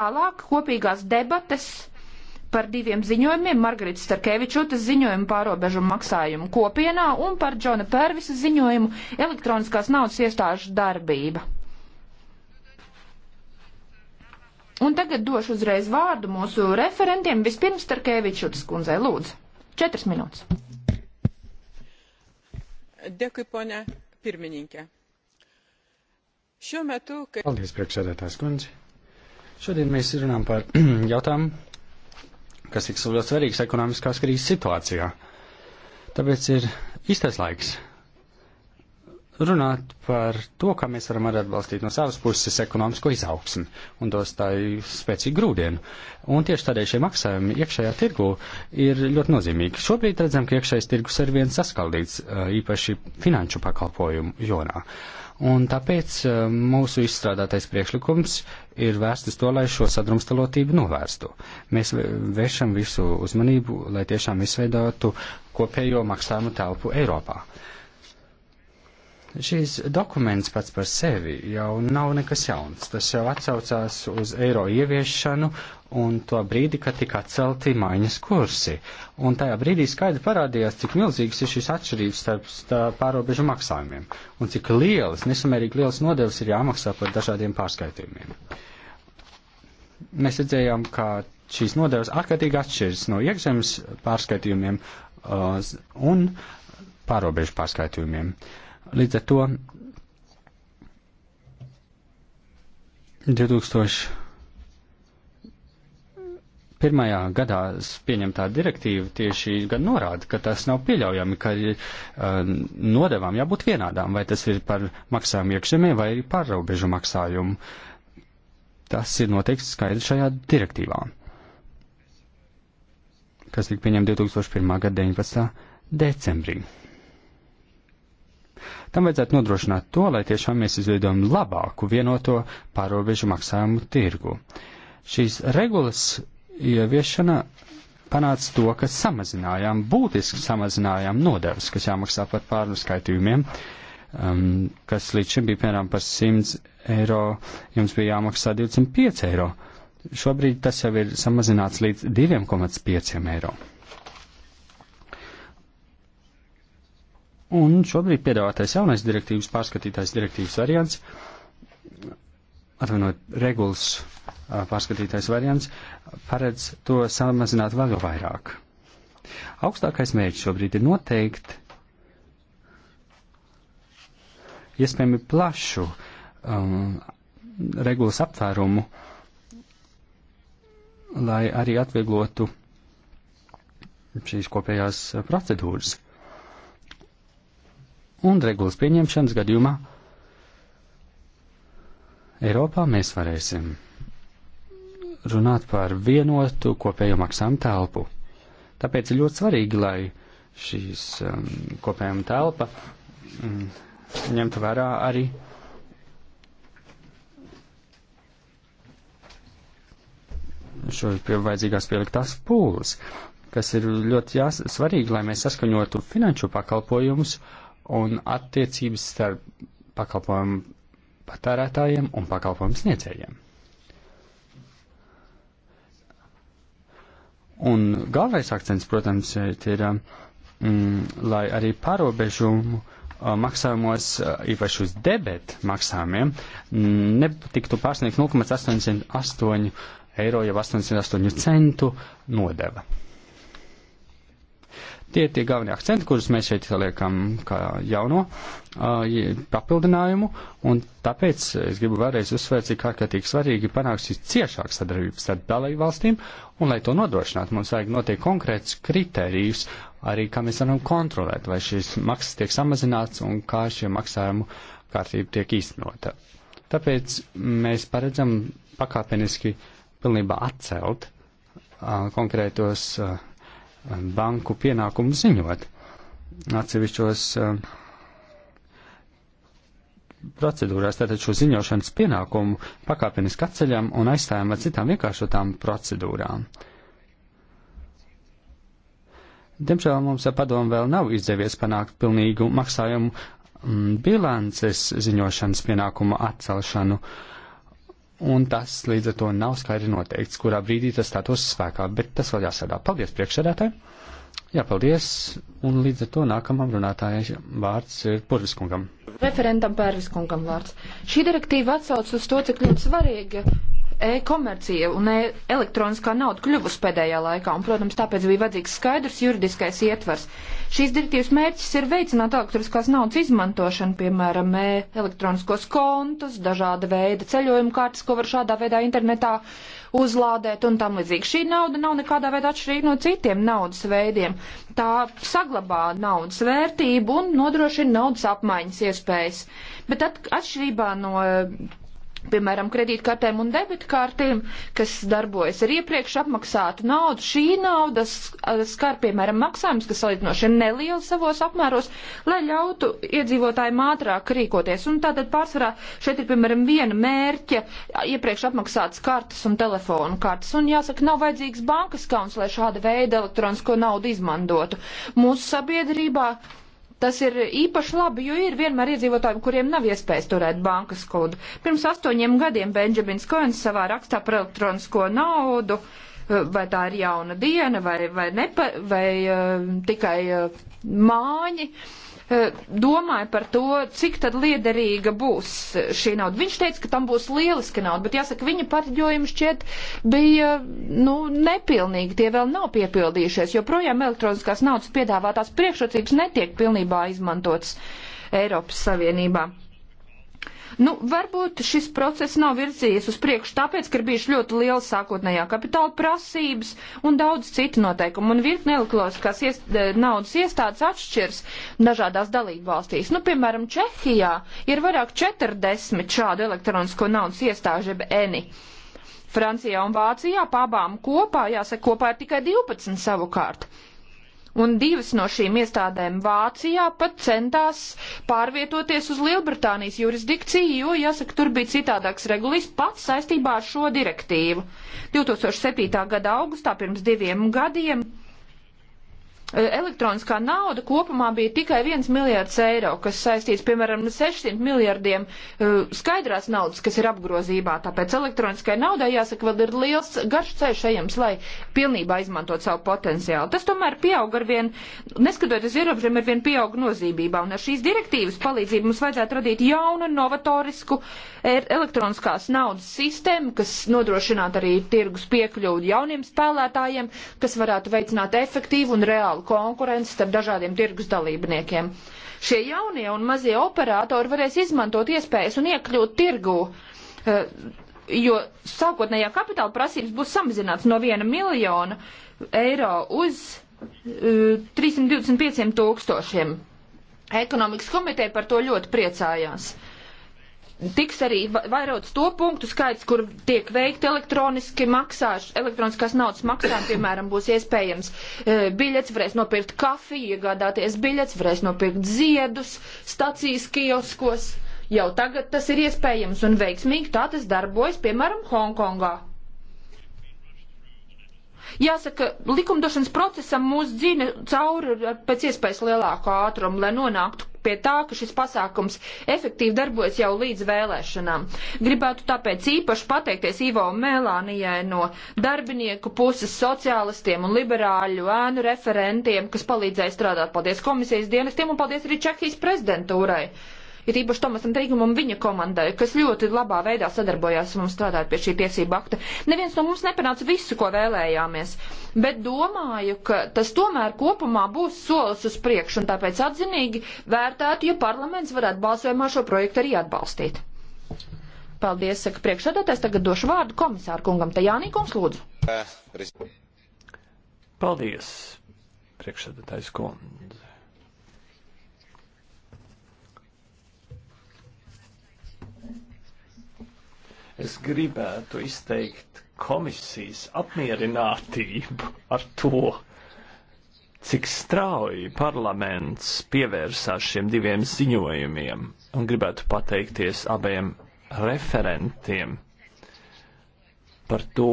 Tālāk kopīgās debates par diviem ziņojumiem - Margarita Starkevičotas ziņojumu pārobežu maksājumu kopienā un par Džona Pērvisa ziņojumu elektroniskās naudas iestāžu darbība. Un tagad došu uzreiz vārdu mūsu referentiem. Vispirms Starkevičotas kundzei lūdzu. Četras minūtes. Dēkui, poņa pirmininkē. Šo metu, ka... Paldies, priekšsēdētājs kundze. Šodien mēs runājam par jautājumu, kas ir ļoti svarīgs ekonomiskās krīzes situācijā. Tāpēc ir īstais laiks runāt par to, kā mēs varam arī atbalstīt no savas puses ekonomisko izaugsmu un dos tai spēcīgu grūdienu. Un tieši tādēļ šie maksājumi iekšējā tirgu ir ļoti nozīmīgi. Šobrīd redzam, ka iekšējais tirgus ir viens saskaldīts, īpaši finanšu pakalpojumu jonā. Uh, Un tāpēc eh, mūsu izstrādātais priekšlikums ir vērsts uz to, lai šo sadrumstalotību novērstu. Mēs vēršam visu uzmanību, lai tiešām izveidotu kopējo maksājumu telpu Eiropā. Uh, Šīs dokuments pats par sevi jau nav nekas jauns. Tas jau atsaucās uz eiro ieviešanu un to brīdi, kad tika atcelti maiņas kursi. Un tajā brīdī skaidri parādījās, cik milzīgs ir šis atšķirības starp, starp pārobežu maksājumiem un cik lielas, nesamērīgi lielas nodevas ir jāmaksā par dažādiem pārskaitījumiem. Mēs redzējām, ka šīs nodevas ārkārtīgi atšķiras no iekšzemes pārskaitījumiem uh, un pārobežu pārskaitījumiem. Uh, Līdz ar to 2001. gadā pieņemtā direktīva tieši gan norāda, ka tas nav pieļaujami, ka um, nodevām jābūt vienādām, vai tas ir par maksājumu iekšzemē vai pārrobežu maksājumu. Tas ir noteikts skaidrs šajā direktīvā kas tika pieņemta 2001. gada 19. decembrī. Tam vajadzētu nodrošināt to, lai tiešām mēs izveidojam labāku vienoto pārobežu maksājumu tirgu. Šīs regulas ieviešana panāca to, ka samazinājām, būtiski samazinājām nodevas, kas jāmaksā par pārneskaitījumiem, um, kas līdz šim bija piemēram par 100 eiro, jums bija jāmaksā 25 eiro. Šobrīd tas jau ir samazināts līdz 2,5 eiro. Un šobrīd piedāvātais jaunais direktīvas pārskatītais direktīvas variants, atvainot regulas pārskatītais variants, paredz to samazināt vēl vairāk. Augstākais mērķis šobrīd ir noteikt iespējami plašu um, regulas aptvērumu, lai arī atvieglotu šīs kopējās procedūras un regulas pieņemšanas gadījumā Eiropā mēs varēsim runāt par vienotu kopējo maksājumu telpu. Tāpēc ir ļoti svarīgi, lai šīs um, kopējuma telpa um, ņemtu vērā arī šo pie vajadzīgās pieliktās pūles, kas ir ļoti jās, svarīgi, lai mēs saskaņotu finanšu pakalpojumus uh, un attiecības starp pakalpojumu patērētājiem un pakalpojumu sniedzējiem. Un galvenais akcents, protams, ir, um, mm, lai arī pārobežu uh, maksājumos, uh, īpaši uz debet maksājumiem, mm, netiktu pārsniegt 0,88 eiro jau 88 centu nodeva. Tie ir tie galvenie akcenti, kurus mēs šeit liekam kā jauno uh, papildinājumu, un tāpēc es gribu vēlreiz uzsvērt, cik ārkārtīgi svarīgi panākt šī ciešāka sadarbība starp dalību valstīm, un lai to nodrošinātu, mums vajag noteikti konkrēts kriterijus, arī kā mēs varam kontrolēt, vai šīs maksas tiek samazināts un kā šie maksājumu kārtība tiek īstenota. Tāpēc mēs paredzam pakāpeniski pilnībā atcelt uh, konkrētos uh, banku pienākumu ziņot atsevišķos eh, procedūrās, tātad šo ziņošanas pienākumu pakāpeniski atceļam un aizstājam ar citām vienkāršotām procedūrām. Diemžēl mums ar padomu vēl nav izdevies panākt pilnīgu maksājumu mm, bilances ziņošanas pienākumu atcelšanu. Uh, un tas līdz ar to nav skaidri noteikts, kurā brīdī tas stātos spēkā, bet tas vēl jāsadā. Paldies priekšsēdētāji! Jā, paldies, un līdz ar to nākamam runātājai vārds ir Purviskungam. Referentam Pērviskungam vārds. Šī direktīva atsauc uz to, cik ļoti svarīga e-komercija un e elektroniskā nauda kļuvusi pēdējā laikā, un, protams, tāpēc bija vajadzīgs skaidrs juridiskais ietvers. Šīs direktīvas mērķis ir veicināt elektroniskās naudas izmantošanu, piemēram, e elektroniskos kontus, dažāda veida ceļojuma kartes, ko var šādā veidā internetā uzlādēt un tam līdzīgi. Šī nauda nav nekādā veidā atšķirīga no citiem naudas veidiem. Tā saglabā naudas vērtību un nodrošina naudas apmaiņas iespējas. Bet at atšķirībā no piemēram, kredītkartēm un debitkartēm, kas darbojas ar iepriekš apmaksātu naudu. Šī nauda skar, piemēram, maksājums, kas salīdzinoši ir neliela savos apmēros, lai ļautu iedzīvotājiem ātrāk rīkoties. Un tātad pārsvarā šeit ir, piemēram, viena mērķa iepriekš apmaksātas kartes un telefonu kartes. Un jāsaka, nav vajadzīgs bankas kauns, lai šāda veida elektronisko naudu izmantotu. Mūsu sabiedrībā Tas ir īpaši labi, jo ir vienmēr iedzīvotājiem, kuriem nav iespējas turēt bankas kodu. Pirms astoņiem gadiem Benjamins Koens savā rakstā par elektronisko naudu, eh, vai tā ir jauna diena, vai, vai, nepa, vai uh, tikai uh, māņi. Uh, Eh, domāja par to, cik tad liederīga būs šī nauda. Viņš teica, ka tam būs lieliska nauda, bet jāsaka, viņa pareģojumi šķiet bija, nu, nepilnīgi, tie vēl nav piepildījušies, jo projām elektroniskās naudas piedāvātās priekšrocības netiek pilnībā izmantotas Eiropas Savienībā. Nu, varbūt šis process nav virzījies uz priekšu, tāpēc, ka ir bijuši ļoti liela sākotnējā kapitāla prasības un daudz citu noteikumu. Un virkni nelikloskās iest, e, naudas iestādes atšķirs dažādās dalību valstīs. Nu, piemēram, Čehijā ir vairāk 40 šādu elektronisko naudas iestāžu, jeb ENI. Francijā un Vācijā pabām kopā, jāsaka, kopā ir tikai 12 savukārt un divas no šīm iestādēm Vācijā pat centās pārvietoties uz Lielbritānijas jurisdikciju, jo, jāsaka, tur bija citādāks regulis pats saistībā ar šo direktīvu. 2007. gada augustā pirms diviem gadiem Eh, elektroniskā nauda kopumā bija tikai 1 miljārds eiro, kas saistīts, piemēram, 600 miljardiem eh, skaidrās naudas, kas ir apgrozībā. Tāpēc elektroniskai naudai, jāsaka, vēl ir liels garš ceļš ejams, lai pilnībā izmantot savu potenciālu. Tas tomēr pieaug ar vien, neskatoties ierobežiem, ar vien pieaug nozīmībā. Un ar šīs direktīvas palīdzību mums vajadzētu radīt jaunu, novatorisku e, elektroniskās naudas sistēmu, kas nodrošinātu arī tirgus piekļuvu jauniem spēlētājiem, kas varētu veicināt efektīvu un reālu konkurenci starp dažādiem tirgus dalībniekiem. Šie jaunie un mazie operatori varēs izmantot iespējas un iekļūt tirgū, eh, jo sākotnējā kapitāla prasības būs samazināts no 1 miljona eiro uz 325 eh, tūkstošiem. Ekonomikas komiteja par to ļoti priecājās tiks arī vairots to punktu skaits, kur tiek veikti elektroniski maksāš, elektroniskās naudas maksājumi, piemēram, būs iespējams e, biļets, varēs nopirkt kafiju, iegādāties biļets, varēs nopirkt ziedus stacijas kioskos. Jau tagad tas ir iespējams un veiksmīgi tā tas darbojas, piemēram, Hongkongā. Jāsaka, likumdošanas procesam mūs dzīve cauri pēc iespējas lielāku ātrumu, lai nonāktu pie tā, ka šis pasākums efektīvi darbojas jau līdz vēlēšanām. Gribētu tāpēc īpaši pateikties Ivo Melānijai no darbinieku puses sociālistiem un liberāļu ēnu referentiem, kas palīdzēja strādāt. Paldies komisijas dienestiem un paldies arī Čehijas prezidentūrai ir īpaši Tomasam Trīgumam un viņa komandai, kas ļoti labā veidā sadarbojās un strādāja pie šī tiesība akta. Neviens no mums nepanāca visu, ko vēlējāmies, bet domāju, ka tas tomēr kopumā būs solis uz priekšu un tāpēc atzinīgi vērtētu, ja parlaments varētu balsojumā šo projektu arī atbalstīt. Paldies, saka priekšsēdētājs. Tagad došu vārdu komisāru kungam. Te Jānī kungs lūdzu. Paldies, priekšsēdētājs kundze. Es gribētu izteikt komisijas apmierinātību ar to, cik strauji parlaments pievērsās šiem diviem ziņojumiem, un gribētu pateikties abiem referentiem par to,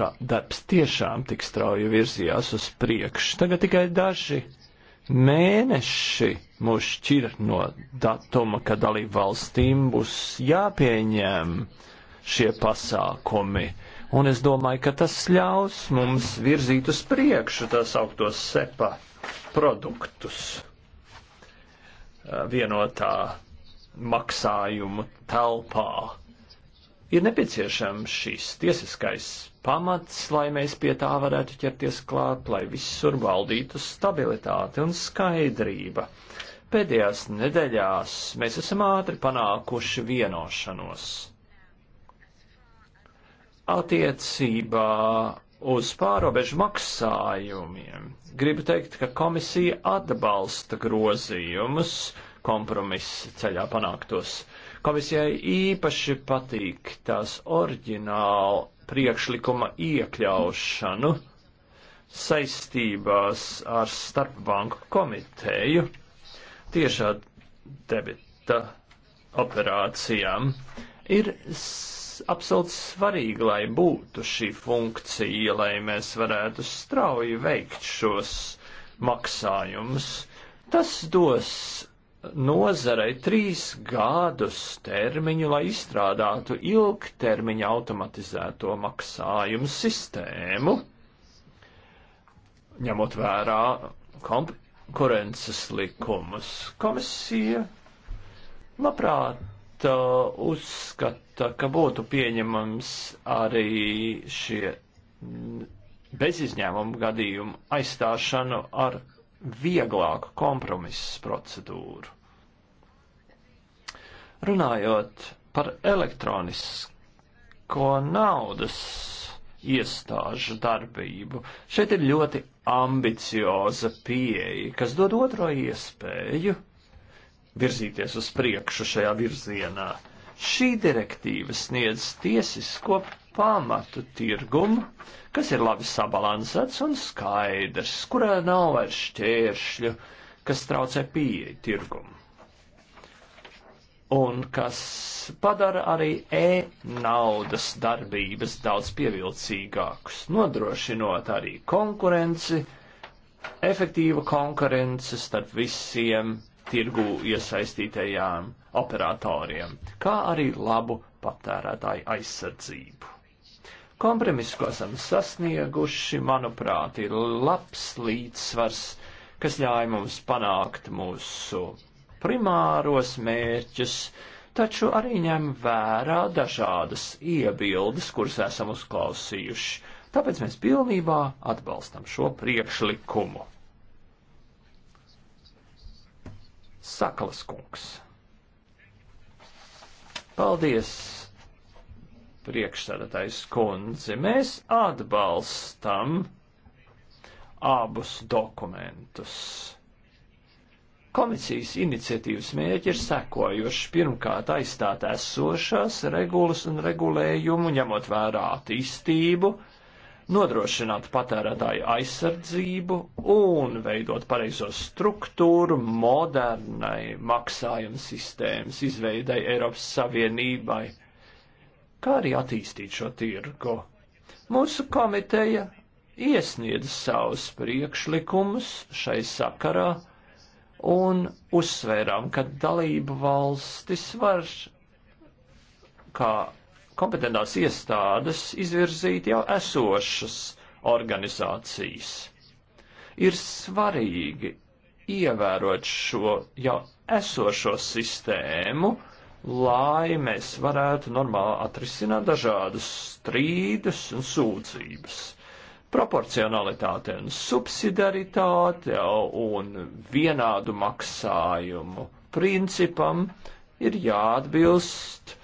ka darbs tiešām tik strauji virzījās uz priekšu. Tagad tikai daži mēneši mūs šķir no datuma, kad dalību valstīm būs jāpieņem uh, šie pasākumi. Un es domāju, ka tas ļaus mums virzīt uz priekšu tās augtos sepa produktus eh, vienotā maksājumu telpā. Ir nepieciešams šis tiesiskais pamats, lai mēs pie tā varētu ķerties klāt, lai visur valdītu stabilitāte un skaidrība. Pēdējās nedēļās mēs esam ātri panākuši vienošanos Attiecībā uz pārobežu maksājumiem gribu teikt, ka komisija atbalsta grozījumus kompromisa ceļā panāktos. Komisijai īpaši patīk tās oriģināla priekšlikuma iekļaušanu saistībās ar starpbanku komiteju tiešā debita operācijām ir absolūti svarīgi, lai būtu šī funkcija, lai mēs varētu strauji veikt šos maksājumus. Tas dos nozarei trīs gadus termiņu, lai izstrādātu ilgtermiņa automatizēto maksājumu sistēmu, ņemot vērā konkurences likumus. Komisija labprāt uzskata, ka būtu pieņemams arī šie bezizņēmumu gadījumu aizstāšanu ar vieglāku kompromisu procedūru. Runājot par elektronisko naudas iestāžu darbību, šeit ir ļoti ambicioza pieeja, kas dod otro iespēju virzīties uz priekšu šajā virzienā. Šī direktīva sniedz tiesisko pamatu tirgumu, kas ir labi sabalansēts un skaidrs, kurā nav vairs šķēršļu, kas traucē pieeja tirgumu. Un kas padara arī e-naudas darbības daudz pievilcīgākus, nodrošinot arī konkurenci, efektīvu konkurenci starp visiem tirgu iesaistītajām operatoriem, kā arī labu patērētāju aizsardzību. Kompromiss, ko esam sasnieguši, manuprāt, ir labs līdzsvars, kas ļāj mums panākt mūsu primāros mērķus, taču arī ņem vērā dažādas iebildes, kuras esam uzklausījuši. Tāpēc mēs pilnībā atbalstam šo priekšlikumu. Sakalas kungs. Paldies, priekšsēdētājs kundze. Mēs atbalstam abus dokumentus. Komisijas iniciatīvas mērķi ir sekojoši pirmkārt aizstāt esošās regulas un regulējumu, ņemot vērā attīstību, uh, nodrošināt patērētāju aizsardzību un veidot pareizo struktūru modernai maksājuma sistēmas izveidai Eiropas Savienībai, kā arī attīstīt šo tirgu. Mūsu komiteja iesniedz savus priekšlikumus šai sakarā un uzsvērām, ka dalību valstis var kā kompetentās iestādes izvirzīt jau esošas organizācijas. Ir svarīgi ievērot šo jau esošo sistēmu, lai mēs varētu normāli atrisināt dažādus strīdus un sūdzības. Proporcionalitāte un subsidiaritāte un vienādu maksājumu principam ir jāatbilst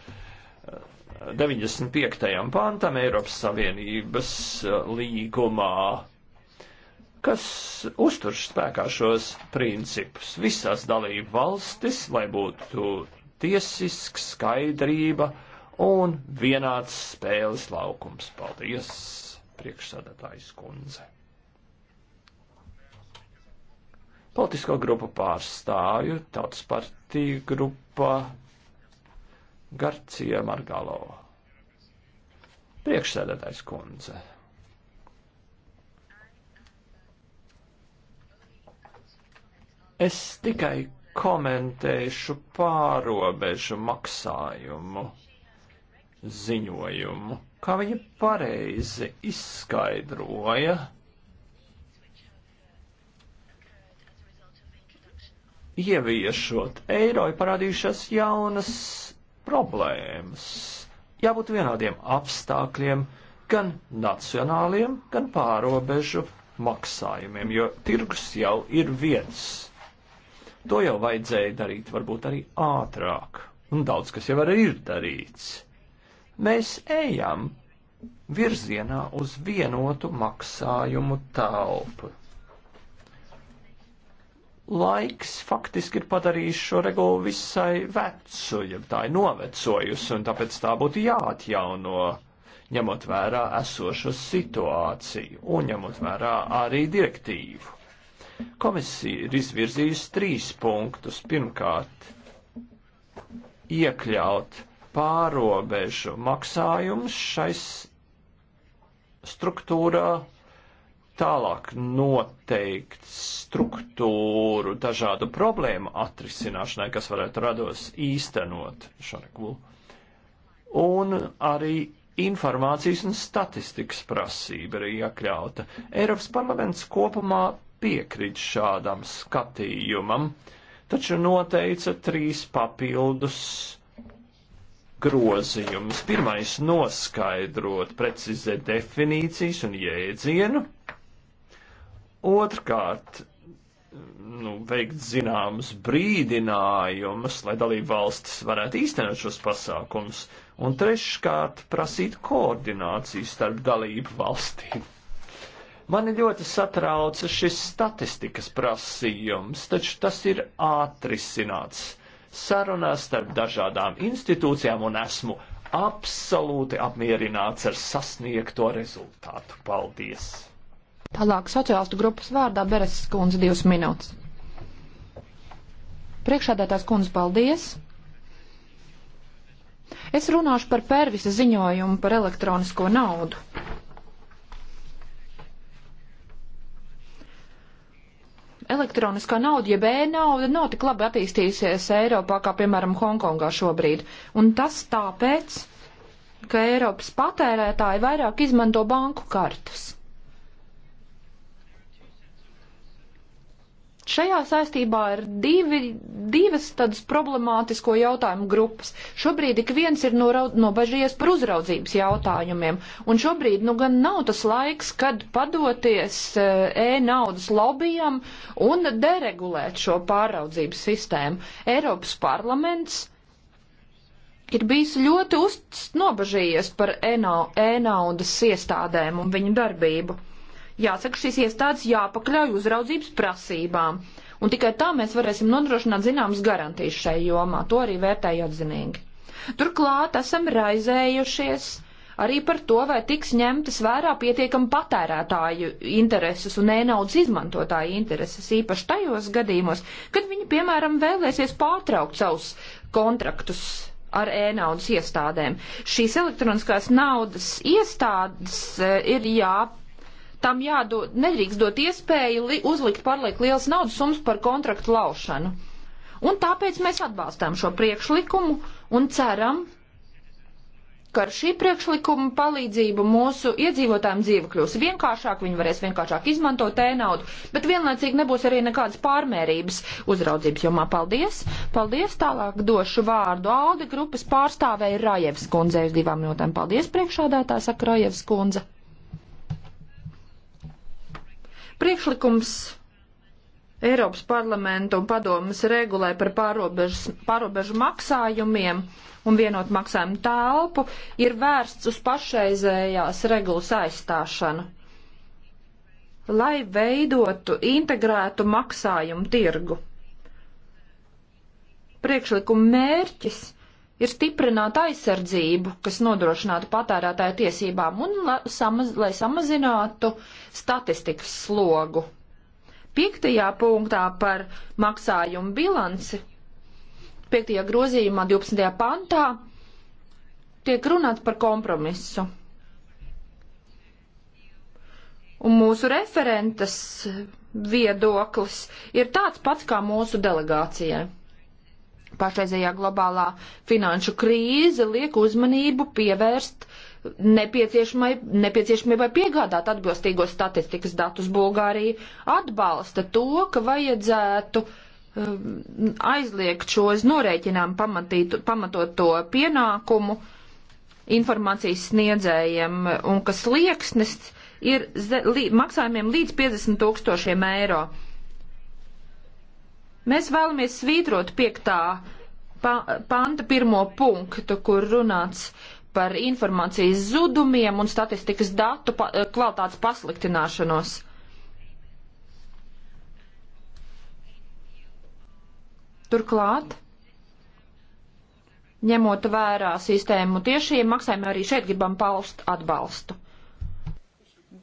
95. pantam Eiropas Savienības eh, līgumā, kas uztur spēkā šos principus visās dalību valstis, lai būtu tiesiska skaidrība un vienāds spēles laukums. Paldies, priekšsādātājs kundze. Politisko grupu pārstāju, tautas partiju grupa Garcija Margalo. Priekšsēdētājs kundze. Es tikai komentēšu pārobežu maksājumu ziņojumu, kā viņa pareizi izskaidroja. Ieviešot eiro, ir parādījušās jaunas problēmas. Jābūt vienādiem apstākļiem gan nacionāliem, gan pārobežu maksājumiem, jo tirgus jau ir viens. To jau vajadzēja darīt varbūt arī ātrāk, un daudz kas jau arī ir darīts. Mēs ejam virzienā uz vienotu maksājumu telpu laiks faktiski ir padarījis šo regulu visai vecu, ja tā ir novecojusi, un tāpēc tā būtu jāatjauno, ņemot vērā esošo situāciju un ņemot vērā arī direktīvu. Komisija ir izvirzījusi trīs punktus. Pirmkārt, iekļaut pārobežu maksājumus šais struktūrā tālāk noteikt struktūru dažādu problēmu atrisināšanai, kas varētu rados īstenot šo regulu. Un arī informācijas un statistikas prasība ir iekļauta. Eiropas parlaments kopumā piekrīt šādam skatījumam, taču noteica trīs papildus grozījumus. Pirmais - noskaidrot precizēt definīcijas un jēdzienu Otrkārt, nu, veikt zināmas brīdinājumus, lai dalību valstis varētu īstenot šos pasākumus, un treškārt prasīt koordināciju starp dalību valstīm. Mani ļoti satrauca šis statistikas prasījums, taču tas ir atrisināts sarunās starp dažādām institūcijām, un esmu absolūti apmierināts ar sasniegto rezultātu. Paldies! Tālāk sociālistu grupas vārdā Beres skundze divas minūtes. Priekšādātās kundze, paldies! Es runāšu par pērvisa ziņojumu par elektronisko naudu. Elektroniskā nauda, jeb e-nauda, nav tik labi attīstījusies Eiropā kā, piemēram, Hongkongā šobrīd. Un tas tāpēc, ka Eiropas patērētāji vairāk izmanto banku kartas. Šajā saistībā ir divi, divas tādas problemātisko jautājumu grupas. Šobrīd ik viens ir nobažījies par uzraudzības jautājumiem, un šobrīd nu gan nav tas laiks, kad padoties eh, e-naudas lobijam un deregulēt šo pāraudzības sistēmu. Eiropas parlaments ir bijis ļoti nobažījies par e-naudas iestādēm un viņu darbību. Jāsaka, šīs iestādes jāpakļauj uzraudzības prasībām. Un tikai tā mēs varēsim nodrošināt zināmas garantijas šai jomā. To arī vērtēju atzinīgi. Turklāt esam raizējušies arī par to, vai tiks ņemtas vērā pietiekami patērētāju intereses un e-naudas izmantotāju intereses, īpaši tajos gadījumos, kad viņi, piemēram, vēlēsies pārtraukt savus kontraktus ar e-naudas iestādēm. Šīs elektroniskās naudas iestādes eh, ir jā, tam jādod, nedrīkst dot iespēju li, uzlikt pārliek liels naudas summas par kontraktu laušanu. Un tāpēc mēs atbalstām šo priekšlikumu un ceram, ka ar šī priekšlikuma palīdzību mūsu iedzīvotājiem dzīve kļūs vienkāršāk, viņi varēs vienkāršāk izmantot ēnaudu, bet vienlaicīgi nebūs arī nekādas pārmērības uzraudzības jomā. Paldies! Paldies! Tālāk došu vārdu Alde grupas pārstāvēja Rajevs kundzei uz divām minūtēm. Paldies, priekšādātā, saka Rajevs kundze! Priekšlikums Eiropas parlamenta un padomas regulē par pārobežu, pārobežu maksājumiem un vienot maksājumu telpu ir vērsts uz pašreizējās regulas aizstāšanu, lai veidotu integrētu maksājumu tirgu. Priekšlikuma mērķis ir stiprināt aizsardzību, kas nodrošinātu patērētāju tiesībām un la, samaz, lai samazinātu statistikas slogu. Piektajā punktā par maksājumu bilanci, piektajā grozījumā 12. pantā, tiek runāts par kompromisu. Un mūsu referentes viedoklis ir tāds pats kā mūsu delegācijai pašreizējā globālā finanšu krīze liek uzmanību pievērst nepieciešamībai piegādāt atbilstīgos statistikas datus. Bulgārija atbalsta to, ka vajadzētu um, aizliegt šo uz norēķinām pamatītu, pamatot to pienākumu informācijas sniedzējiem un ka slieksnis ir ze, li, maksājumiem līdz 50 tūkstošiem eiro. Mēs vēlamies svītrot piektā panta pirmo punktu, kur runāts par informācijas zudumiem un statistikas datu pa kvalitātes pasliktināšanos. Turklāt, ņemot vērā sistēmu tiešiem maksājumiem, arī šeit gribam paust atbalstu.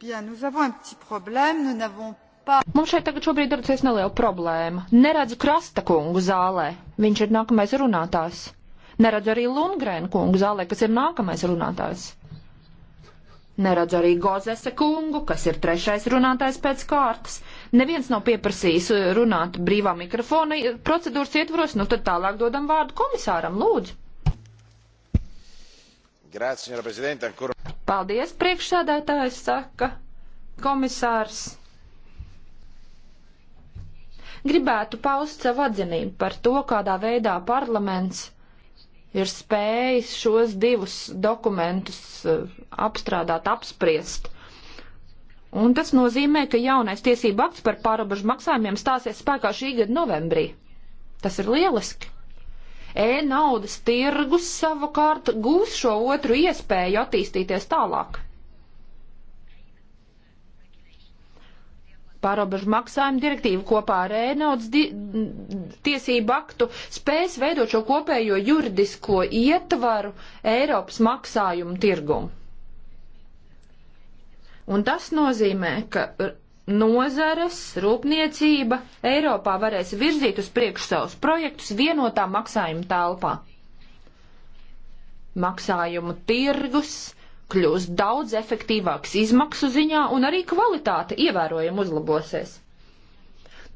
Bien, nous avons un petit problème. Nous n'avons Mums šeit tagad šobrīd darbojas neliela problēma. Neredzu Krasta kungu zālē. Viņš ir nākamais runātājs. Neredzu arī Lungrēna kungu zālē, kas ir nākamais runātājs. Neredzu arī Gozese kungu, kas ir trešais runātājs pēc kārtas. Neviens nav pieprasījis uh, runāt brīvā mikrofona uh, procedūras ietvaros, nu tad tālāk dodam vārdu komisāram, lūdzu. Grāci, Paldies, priekšsādātājs saka, komisārs gribētu paust savu atzinību par to, kādā veidā parlaments ir spējis šos divus dokumentus eh, apstrādāt, apspriest. Un tas nozīmē, ka jaunais tiesība akts par pārobežu maksājumiem stāsies spēkā šī gada novembrī. Tas ir lieliski. E-naudas tirgus savukārt gūs šo otru iespēju attīstīties tālāk. pārobežu maksājumu direktīvu kopā ar ēnaudas e tiesību aktu spēs veidot šo kopējo juridisko ietvaru Eiropas maksājumu tirgumu. Un tas nozīmē, ka nozares, rūpniecība Eiropā varēs virzīt uz priekšu savus projektus vienotā maksājuma telpā. Maksājumu tirgus kļūs daudz efektīvāks izmaksu ziņā un arī kvalitāte ievērojami uzlabosies.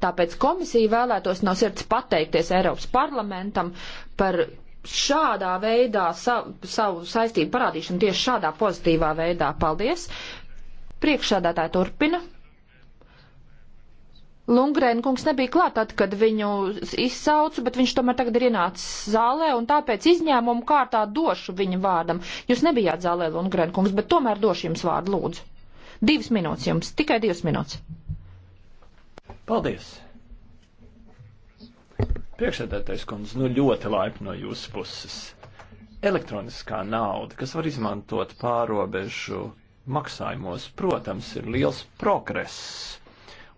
Tāpēc komisija vēlētos no sirds pateikties Eiropas parlamentam par šādā veidā savu, savu saistību parādīšanu tieši šādā pozitīvā veidā. Paldies! Priekšsādātāji turpina. Lungrēna kungs nebija klāt, tad, kad viņu izsaucu, bet viņš tomēr tagad ir ienācis zālē, un tāpēc izņēmumu kārtā došu viņa vārdam. Jūs nebijāt zālē, Lungrēna kungs, bet tomēr došu jums vārdu, lūdzu. Divas minūtes jums, tikai divas minūtes. Paldies! Priekšsēdētais kundze, nu ļoti laipni no jūsu puses. Elektroniskā nauda, kas var izmantot pārobežu maksājumos, protams, ir liels progress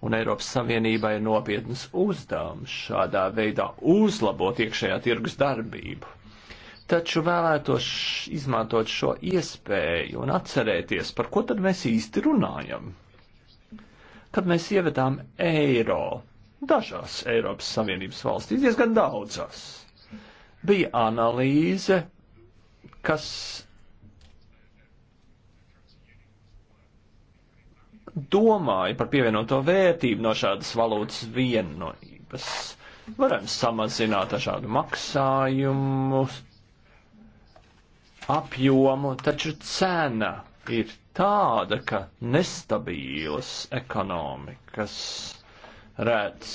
un Eiropas Savienībai ir nopietnas uzdevums šādā veidā uzlabot iekšējā tirgus darbību. Taču vēlētos izmantot šo iespēju un atcerēties, par ko tad mēs īsti runājam. Kad mēs ievedām eiro dažās Eiropas Savienības valstīs, diezgan daudzās, bija analīze, kas domāju par pievienoto vērtību no šādas valūtas vienotības. Varam samazināt dažādu maksājumu apjomu, taču cena ir tāda, ka nestabilas ekonomikas redz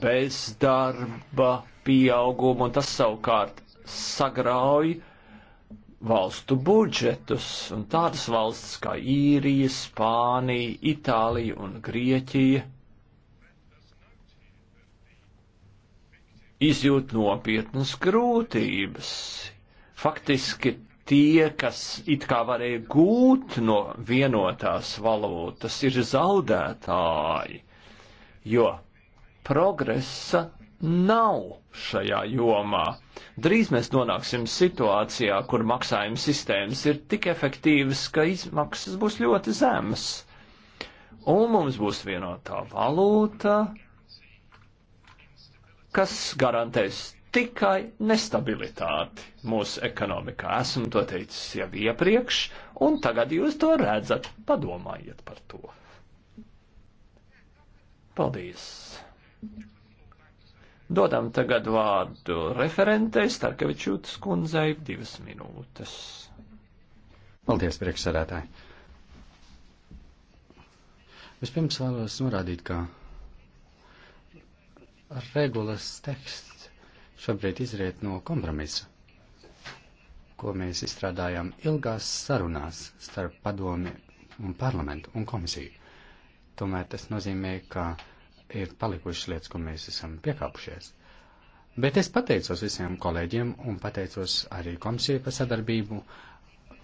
bezdarba pieaugumu, un tas savukārt sagrauj valstu budžetus, un tādas valsts kā Īrija, Spānija, Itālija un Grieķija izjūt nopietnas grūtības. Faktiski tie, kas it kā varēja gūt no vienotās valūtas, ir zaudētāji, jo progresa nav šajā jomā. Drīz mēs nonāksim situācijā, kur maksājuma sistēmas ir tik efektīvas, ka izmaksas būs ļoti zemas. Un mums būs vienotā valūta, kas garantēs tikai nestabilitāti mūsu ekonomikā. Esmu to teicis jau iepriekš, un tagad jūs to redzat. Padomājiet par to. Paldies! Thank you. Dodam tagad vārdu referentei Starkevičūtas kundzei divas minūtes. Paldies, priekšsēdētāji. Vispirms vēlos norādīt, ka regulas teksts šobrīd izriet no kompromisa, ko mēs izstrādājām ilgās sarunās starp padomi un parlamentu un komisiju. Tomēr tas nozīmē, ka ir palikušas lietas, kur mēs esam piekāpušies. Bet es pateicos visiem kolēģiem un pateicos arī komisijai par sadarbību,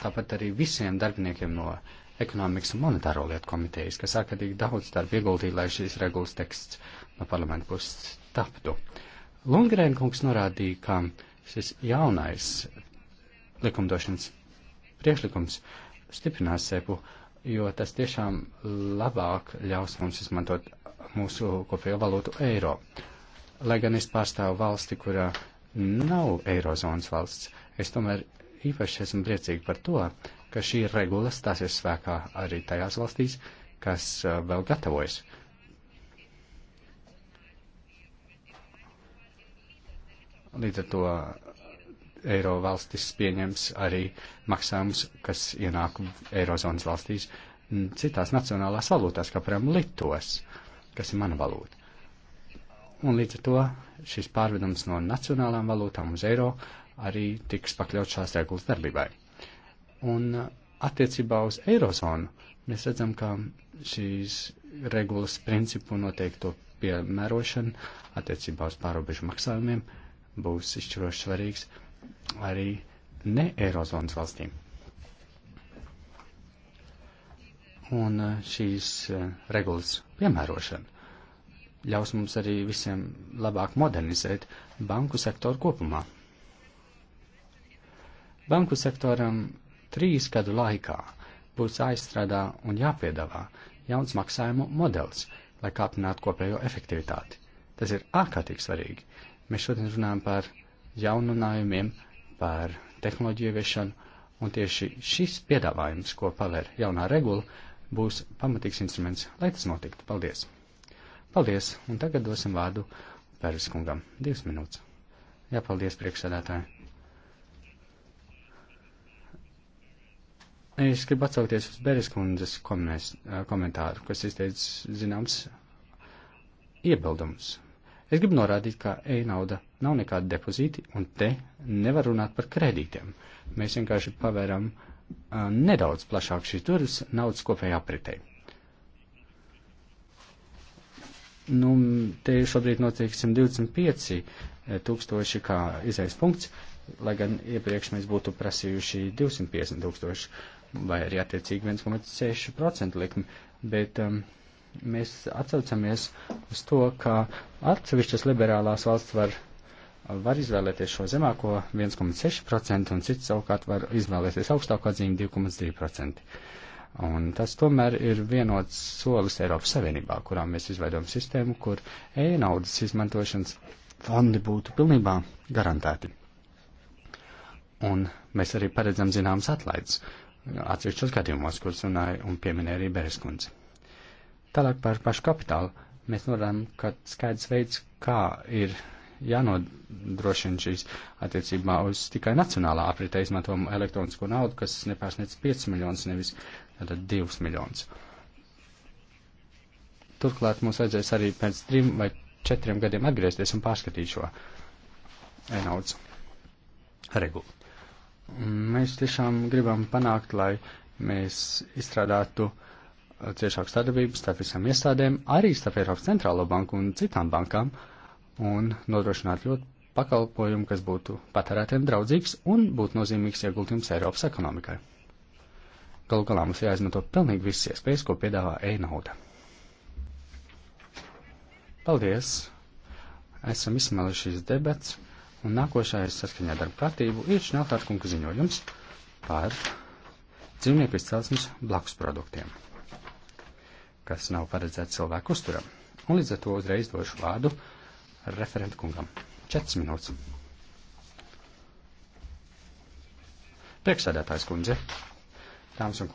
tāpat arī visiem darbiniekiem no ekonomikas un monetāro lietu komitejas, kas ārkārtīgi daudz darba ieguldīja, lai šīs regulas teksts no parlamenta puses taptu. Lundgrēna kungs norādīja, ka šis jaunais likumdošanas priekšlikums stiprinās sepu, jo tas tiešām labāk ļaus mums izmantot mūsu kopējo valūtu eiro. Lai gan es pārstāvu valsti, kurā nav eirozonas valsts, es tomēr īpaši esmu priecīgi par to, ka šī regula stāsies spēkā arī tajās valstīs, kas vēl gatavojas. Līdz ar to eiro valstis pieņems arī maksājumus, kas ienāk eirozonas valstīs citās nacionālās valūtās, kā piemēram Litos kas ir mana valūta. Un līdz ar to šis pārvedums no nacionālām valūtām uz eiro arī tiks pakļauts šās regulas darbībai. Un uh, attiecībā uz eirozonu mēs redzam, ka šīs regulas principu noteikto piemērošana attiecībā uz pārobežu maksājumiem būs izšķiroši svarīgs arī ne eirozonas valstīm. un eh, šīs eh, regulas piemērošana ļaus mums arī visiem labāk modernizēt banku sektoru kopumā. Banku sektoram trīs gadu laikā būs jāizstrādā un jāpiedāvā jauns maksājumu modelis, lai kāpinātu kopējo efektivitāti. Tas ir ārkārtīgi svarīgi. Mēs šodien runājam par jaunumiem, par tehnoloģiju ieviešanu, un tieši šis piedāvājums, ko paver jaunā regula, būs pamatīgs instruments, lai tas notiktu. Paldies! Paldies! Un tagad dosim vārdu Pēris kungam. Divas minūtes. Jā, paldies, priekšsēdētāji! Es gribu atsaukties uz Beres kundzes komēs, komentāru, kas izteica zināms iebildums. Es gribu norādīt, ka e-nauda nav nekāda depozīti, un te nevar runāt par kredītiem. Mēs vienkārši pavēram uh, nedaudz plašāk šis durvis naudas kopējā apritē. Nu, te šobrīd notiek 125 tūkstoši kā izējas punkts, lai gan iepriekš mēs būtu prasījuši 250 tūkstoši vai arī attiecīgi 1,6% likmi, bet um, mēs atsaucamies uz to, ka atsevišķas liberālās valsts var var izvēlēties šo zemāko 1,6% un cits savukārt var izvēlēties augstāko atzīmi 2,2%. Un tas tomēr ir vienots solis Eiropas Savienībā, kurā mēs izveidojam sistēmu, kur e-naudas izmantošanas fondi būtu pilnībā garantēti. Un mēs arī paredzam zināmas atlaides atsevišķos gadījumos, kurus runāja un pieminēja arī Bereskundze. Tālāk par pašu kapitālu mēs norādām, ka skaidrs veids, kā ir jānodrošina šīs attiecībā uz tikai nacionālā apritē izmantojumu elektronisko naudu, kas nepārsniec 5 miljonus, nevis 2 miljonus. Turklāt mums vajadzēs arī pēc trim vai četriem gadiem atgriezties un pārskatīt šo e-naudas regulu. Mēs tiešām gribam panākt, lai mēs izstrādātu uh, ciešāku sadarbību starp visām iestādēm, arī starp Eiropas centrālo banku un citām bankām, uh, un nodrošināt ļoti pakalpojumu, kas būtu patērētiem draudzīgs un būtu nozīmīgs ieguldījums Eiropas ekonomikai. Galu galā mums jāizmanto pilnīgi visas iespējas, ko piedāvā e-nauda. Paldies! Esam izsmēluši šīs debats, un nākošais saskaņā darba kārtību ir Šnelhārt kunga ziņojums par dzīvnieku izcelsmes blakus produktiem, kas nav paredzēts cilvēku uzturam. Un līdz ar to uzreiz došu vārdu referenta kungam. 4 minūtes. Priekšsēdētājs kundze, dāmas un kungi.